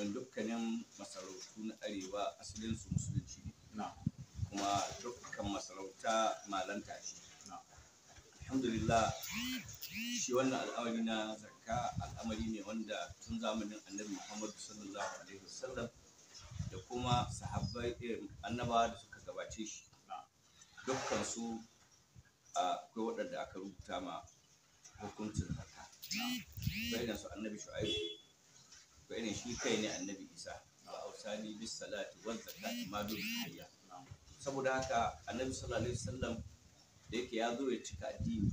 domin dukkanin masarautu na arewa asalin su musulunci ne kuma dukkan masarauta malanta ce alhamdulillah shi wannan al'amari na zakka al'amari ne wanda tun zamanin annabi muhammadu sallallahu alaihi wasallam da kuma sahabbai annaba da suka gabace shi dukkan su akwai waɗanda aka rubuta ma hukuncin zakka bayan su annabi shu'aibu ko irin shi kai ne annabi isa ba ausani bis salati wal zakati ma hayya saboda haka annabi sallallahu alaihi wasallam da yake ya zo ya cika addini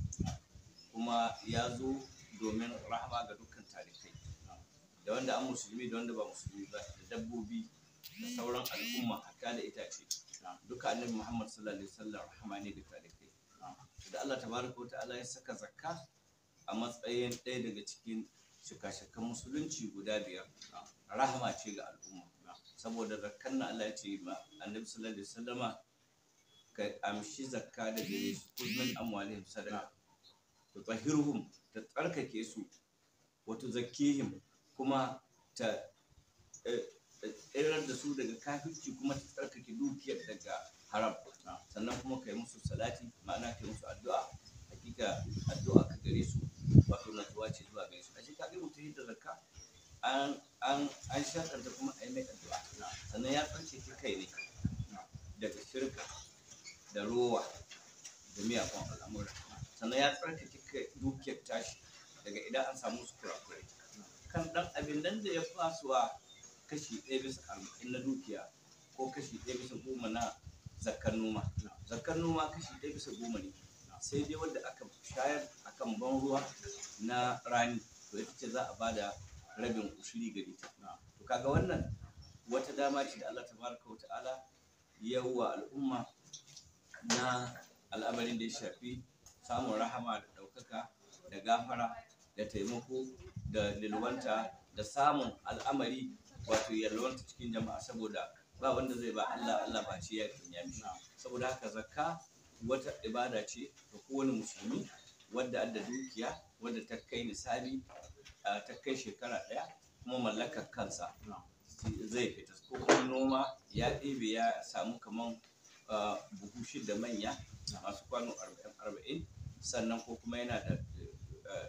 kuma ya zo domin rahama ga dukkan tarikai da wanda an musulmi da wanda ba musulmi ba da dabbobi da sauran al'umma hatta da itace duka annabi muhammad sallallahu alaihi wasallam rahama ne ga tarikai da Allah tabaraka wa ta'ala ya saka zakka a matsayin ɗaya daga cikin shika-shikan musulunci guda biyar rahama ce ga al'umma saboda zakkan na Allah ce ba annabi sallallahu alaihi wasallama ka amshi zakka da gare su kullun amwalihim sadaqa to tahiruhum ta tsarkake su wato zakkihim kuma ta tsirar eh, eh, da su daga kafirci kuma ta tsarkake dukiyar daga haram sannan kuma kai musu salati ma'ana kai musu addu'a hakika addu'a ka gare su wato na tuwa ce zuwa gare su a ka ga mutum da zakka an an an shakanta kuma a yi mai addu'a sannan ya tsarce ta kai ne daga shirka da rowa da miyakon al'amura sannan ya tsarkake dukiyar tashi daga idan an samu su kurakurai kan dan abin nan da ya fasuwa kashi ɗaya bisa arba'in na dukiya ko kashi ɗaya bisa goma na zakar noma zakar noma kashi ɗaya bisa goma ne sai dai wanda aka shayar akan ban ruwa na rani to ita ce za a ba da rabin ushiri gare ta to kaga wannan wata dama ce da Allah tabaraka wata'ala yawa al'umma na al'amarin da ya shafi samun rahama da ɗaukaka da gafara da taimako da lilwanta da samun al'amari wato yalwanta cikin jama'a saboda ba wanda zai ba Allah Allah ba ce ya kinya saboda haka zakka wata ibada ce ga kowane musulmi wadda adda dukiya wadda ta kai misali ta kai shekara ɗaya kuma mallakar kansa zai fita ko kuma noma ya ɗebe ya samu kamar buhu shida manya masu kwano arba'in sannan ko kuma yana da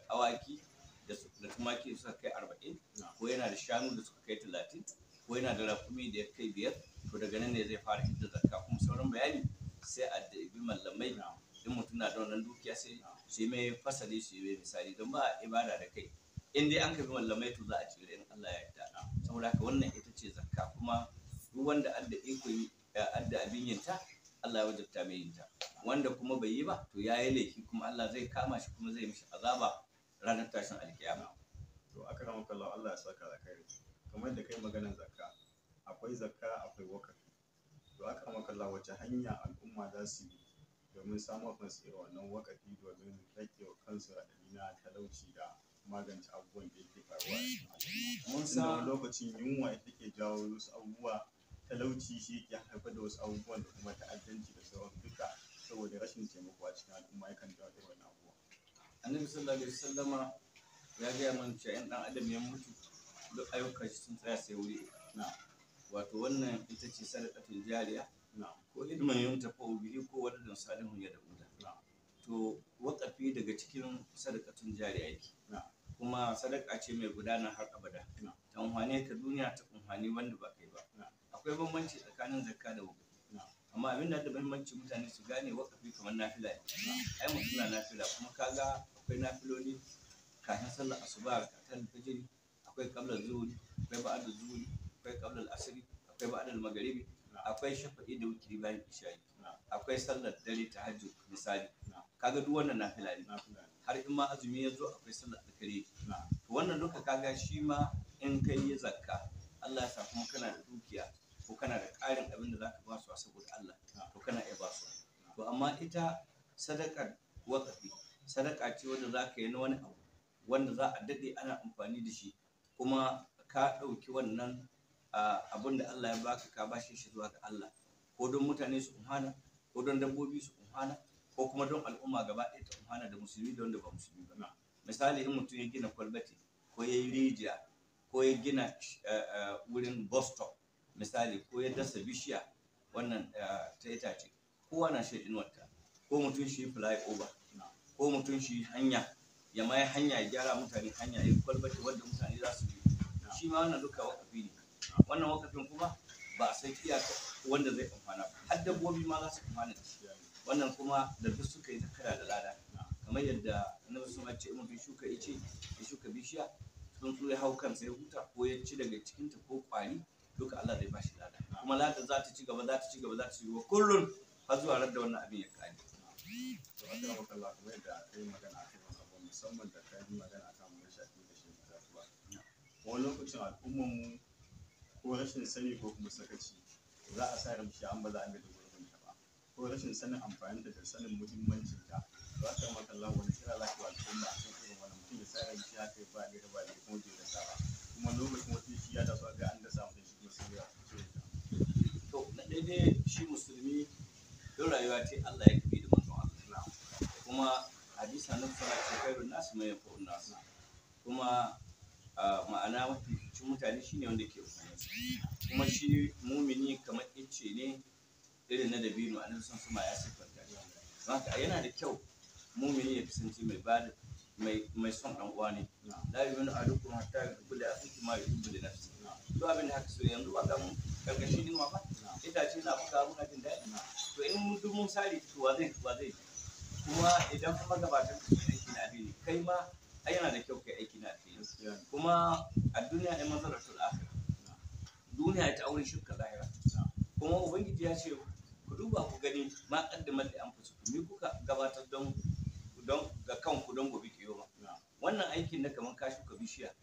awaki da tumaki suka kai arba'in ko yana da shanu da suka kai talatin ko yana da rakumi da ya kai biyar to daga nan ne zai fara hidda zakka kuma sauran bayani sai a bi mallamai in mutum na da wannan dukiya sai su yi mai fasali su yi mai misali don ba ibada da kai in dai an kafi mallamai to za a cire in Allah ya yarda saboda haka wannan ita ce zakka kuma duk wanda adda iko adda abin yinta Allah ya wajabta mai yinta wanda kuma bai yi ba to ya yi laifi kuma Allah zai kama shi kuma zai mishi azaba ranar tashin alkiyama to aka kallon Allah ya saka zakari kamar da kai maganar zakka akwai zakka akwai wakar to aka makalla wace hanya al'umma za su bi domin samun da irin wannan wakafi domin rage wa kansu raɗaɗi ta talauci da magance abubuwan da yake faruwa mun san lokacin yunwa ita ke jawo wasu abubuwa talauci shi yake haifar da wasu abubuwan da kuma ta'addanci da sauran duka saboda rashin taimako a cikin al'umma yakan jawo irin wannan abubuwa annabi sallallahu alaihi wasallama ya gaya mana cewa 'yan ɗan adam ya mutu duk ayyukan shi sun tsaya sai wuri na wato wannan ita ce sadaqatul jariya ko hidiman yunta ko bihi ko waladun salihun ya da to wakafi daga cikin sadaqatul jariya yake kuma sadaka ce mai gudana har abada ta umhane ta duniya ta umhane wanda ba kai ba akwai bambanci tsakanin zakka da wakafi amma abin da da bambanci mutane su gane wakafi kamar nafila ne ai mutum na nafila kuma kaga akwai nafiloli kafin sallar asuba kafin fajiri akwai kabla zuhuri akwai ba'da zuhuri akwai kabla asiri akwai da magharibi akwai shafa'i da wutiri bayan isha'i akwai sallar dare ta hajji misali kaga duk wannan nafila ne har in ma azumi ya zo akwai sallar kare to wannan duka kaga shi ma in kai ya zakka Allah ya sa kuma kana da dukiya ko kana da ƙarin abin da za ka ba su saboda Allah to kana iya ba su to amma ita sadakar wakafi sadaka ce wanda za ka yi na wani abu wanda za a daɗe ana amfani da shi kuma ka ɗauki wannan abin da Allah ya baka ka bashi shi zuwa ga Allah ko don mutane su umhana ko don dabbobi su umhana ko kuma don al'umma gaba ɗaya ta umhana da musulmi da wanda ba musulmi ba misali in mutum ya gina kwalbati ko ya yi rijiya ko ya gina eh, eh, wurin bus stop misali ko ya dasa bishiya wannan eh, ta itace kowa na shi inuwarta ko mutum shi fly over, ko mutum shi hanya ya mai hanya ya gyara mutane hanya ya kwalbati wanda mutane za su bi shi ma wannan duka wakafi ne wannan wakafin kuma ba a san iyaka wanda zai amfana ba har dabbobi ma za su amfana da shi wannan kuma da duk suka yi ta zakara da lada kamar yadda na annabi ma ce in bi shuka ice ya shuka bishiya tsuntsu ya hau kansa ya huta ko ya ci daga cikinta ko kwari duka Allah zai bashi lada kuma lada za ta ci gaba za ta ci gaba za ta ci gaba kullum har zuwa ran da wannan abin ya kare to a kan wakala kamar yadda kai magana akan wani abu musamman da kai magana akan wani shafi da shi wani lokacin al'ummar mu ko rashin sani ko kuma sakaci za a sa ramshi an ba za a bi da gurbin ta ba ko rashin sanin amfani da sanin muhimmancin ta za ka maka Allah wani kira za ka wato da kan irin wani mutum ya sa ramshi ya kai ba gari ba gari kuma bai da sa ba kuma lokacin wata shi ya taso ga an da samu da shi kuma sai ya fito to na daidai shi musulmi don rayuwa ce Allah ya tafi da manzon Allah kuma hadisa na fara ce kairun nasu mai yafi nasu kuma ma'ana mafificin mutane shine wanda ke rukunin kuma shi mumini kamar ince ne irin na dabino a nan sun suma ya siffanta shi haka yana da kyau mumini ya kasance mai ba da, mai son dan uwa ne la yu'minu ahadukum hatta yuhibbu li akhihi ma yuhibbu na nafsihi to abin da haka so yanzu ruwa ga mu karkashin din ma ita ce na fuka muna jin daɗi to in mun duk mun sare to wa zai wa zai kuma idan kuma gabatan abin ne kai ma ai yana da kyau kai aiki na alheri kuma a duniya ai mazaratul akhirah duniya ita aure shirka lahira kuma ubangiji ya ce ku duba ku gani ma kaddamat da an fusu Ni kuka gabatar don don ga kanku don gobe kiyo ba wannan aikin na kaman ka shuka bishiya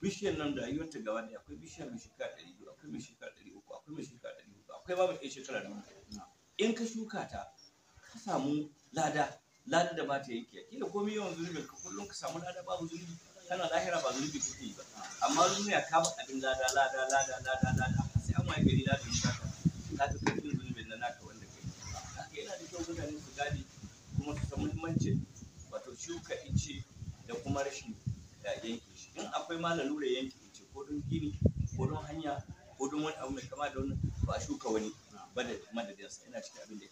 bishiyar nan da rayuwar ta gaba da akwai bishiyar mai shekara ɗari biyu akwai mai shekara ɗari uku akwai mai shekara ɗari uku akwai babu ɗaya shekara ɗari in ka shuka ta ka samu lada ladan da ba ta yanke kila komai yawan zunubin ka kullum ka samu lada babu zunubi kana lahira ba zunubi kake yi ba amma duniya ka ba abin lada lada lada lada lada sai an waye gari lada ka ka ta kafin zunubin na naka wanda kai haka yana da kyau mutane su gadi kuma su san wato shuka ice da kuma rashin yanke shi in akwai ma lalura yanke ice ko don gini ko don hanya ko don wani abu mai kama da wannan ba a shuka wani ba da madadinsa yana cikin abin da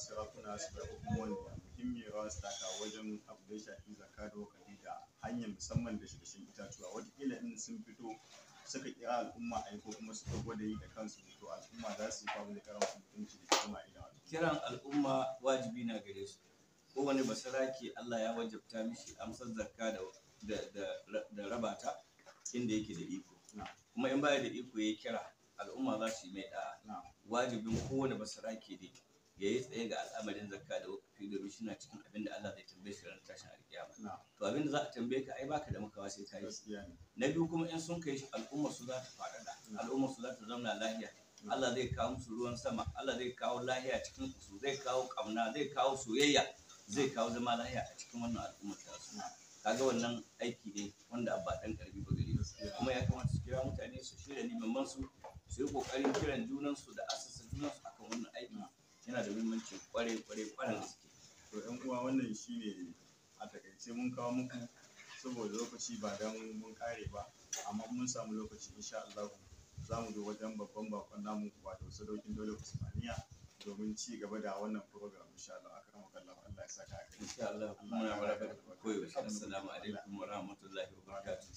sarakuna su hukumomi da muhimmiyar rawa su taka wajen abu da ya shafi zakka da wakali da hanyar musamman da shirshin itatuwa wataƙila in sun fito suka kira al'umma a yi ko kuma suka gwada yi da kansu to al'umma za su yi famu da karancin mutunci da kuma idan kiran al'umma wajibi na gare su kowane basaraki Allah ya wajabta mishi amsar zakka da da rabata inda yake da iko kuma in baya da iko ya kira al'umma za su yi mai da'a wajibin kowane basaraki dai. ya yi tsaye ga al'amarin zakka da wakafi domin shi na cikin abin da Allah zai tambaye shi ranar tashin alkiyama to abin da za a tambaye ka ai baka da makawa sai ka yi na biyu kuma in sun kai shi al'umma su za ta faɗaɗa al'umma su za ta zauna lafiya Allah zai kawo musu ruwan sama Allah zai kawo lahiya cikin su zai kawo kamna zai kawo soyayya zai kawo zama lahiya a cikin wannan al'ummar ta su kaga wannan aiki ne wanda ba dan karbi ba gari. kuma ya kamata su kira mutane su shirya neman su su yi kokarin kiran junan su da asasa akan wannan aiki yana da muhimmanci kwarai kwarai kwarai gaske to yan uwa wannan shine a takaice mun kawo muku saboda lokaci ba dan mun kare ba amma mun samu lokaci insha Allah za mu zo wajen babban bakon namu wato sadaukin dole Usmaniya domin ci gaba da wannan program insha Allah aka maka Allah Allah ya saka aka insha Allah muna barka da koyo assalamu alaikum wa rahmatullahi wa barakatuh